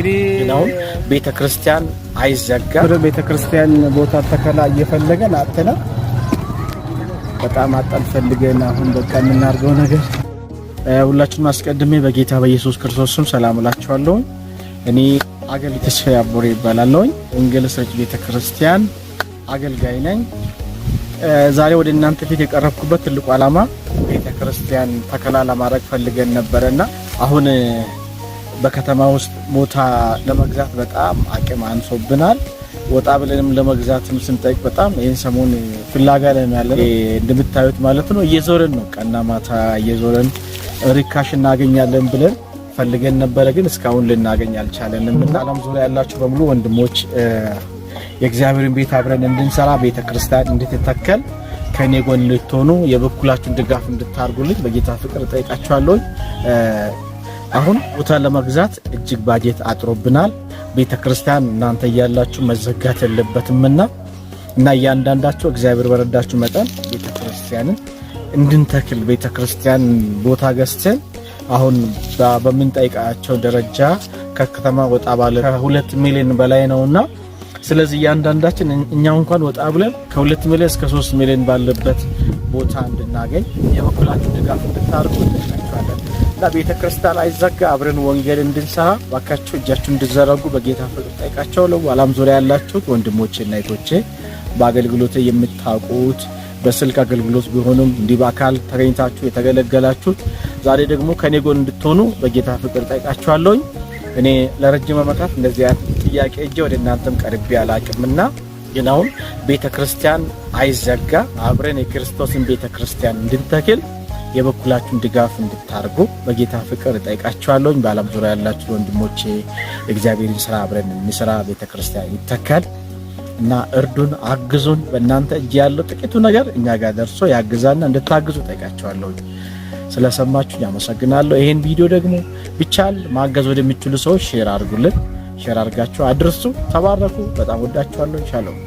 እንግዲህ ቤተ ክርስቲያን አይዘጋም። ወደ ቤተ ክርስቲያን ቦታ ተከላ እየፈለገን አጥተናል። በጣም አጣን ፈልገን አሁን በቃ የምናርገው ነገር ሁላችሁም አስቀድሜ በጌታ በኢየሱስ ክርስቶስ ስም ሰላም እላችኋለሁ። እኔ አገልጋይ ተስፋዬ አቦሬ እባላለሁ። ወንጌል ስርጭ ቤተ ክርስቲያን አገልጋይ ነኝ። ዛሬ ወደ እናንተ ፊት የቀረብኩበት ትልቁ ዓላማ ቤተ ክርስቲያን ተከላ ለማድረግ ፈልገን ነበረና አሁን በከተማ ውስጥ ቦታ ለመግዛት በጣም አቅም አንሶብናል። ወጣ ብለንም ለመግዛትም ስንጠይቅ በጣም ይህን ሰሞን ፍላጋ ላይ ያለ እንደምታዩት ማለት ነው። እየዞረን ነው፣ ቀና ማታ እየዞረን ሪካሽ እናገኛለን ብለን ፈልገን ነበረ፣ ግን እስካሁን ልናገኝ አልቻለንም። እና ዓለም ዙሪያ ያላችሁ በሙሉ ወንድሞች የእግዚአብሔርን ቤት አብረን እንድንሰራ ቤተ ክርስቲያን እንድትተከል ከእኔ ጎን ልትሆኑ የበኩላችሁን ድጋፍ እንድታርጉልኝ በጌታ ፍቅር እጠይቃችኋለሁ። አሁን ቦታ ለመግዛት እጅግ ባጀት አጥሮብናል። ቤተ ክርስቲያን እናንተ እያላችሁ መዘጋት የለበትምና እና እያንዳንዳችሁ እግዚአብሔር በረዳችሁ መጠን ቤተ ክርስቲያንን እንድንተክል ቤተ ክርስቲያን ቦታ ገዝተን አሁን በምንጠይቃቸው ደረጃ ከከተማ ወጣ ባለ ከሁለት ሚሊዮን በላይ ነውና ስለዚህ እያንዳንዳችን እኛ እንኳን ወጣ ብለን ከሁለት ሚሊዮን እስከ ሶስት ሚሊዮን ባለበት ቦታ እንድናገኝ የበኩላችሁ ድጋፍ እንድታደርጉ እንጠይቃችኋለን። እና ቤተ ክርስቲያን አይዘጋ፣ አብረን ወንጌል እንድንሰራ ባካችሁ እጃችሁ እንድዘረጉ በጌታ ፍቅር ለው አላም ዙሪያ ያላችሁ እና እህቶቼ በአገልግሎት የምታውቁት በስልክ አገልግሎት ቢሆንም እንዲህ በአካል ተገኝታችሁ የተገለገላችሁት ዛሬ ደግሞ ከኔ ጎን እንድትሆኑ በጌታ ፍቅር ጠይቃችኋለሁኝ። እኔ ለረጅም ዓመታት እንደዚህ ጥያቄ እጄ ወደ እናንተም ቀርቤ አላቅምና ግን አሁን ቤተ ክርስቲያን አይዘጋ፣ አብረን የክርስቶስን ቤተ ክርስቲያን እንድንተክል የበኩላችሁን ድጋፍ እንድታርጉ በጌታ ፍቅር እጠይቃችኋለሁኝ። በዓለም ዙሪያ ያላችሁ ወንድሞቼ እግዚአብሔርን ስራ አብረን እንስራ። ቤተክርስቲያን ይተካል እና እርዱን፣ አግዙን። በእናንተ እጅ ያለው ጥቂቱ ነገር እኛ ጋር ደርሶ ያግዛና እንድታግዙ እጠይቃችኋለሁ። ስለሰማችሁ አመሰግናለሁ። ይህን ቪዲዮ ደግሞ ቢቻል ማገዝ ወደሚችሉ ሰዎች ሼር አድርጉልን። ሼር አድርጋችሁ አድርሱ። ተባረኩ። በጣም ወዳችኋለሁ። ሻለው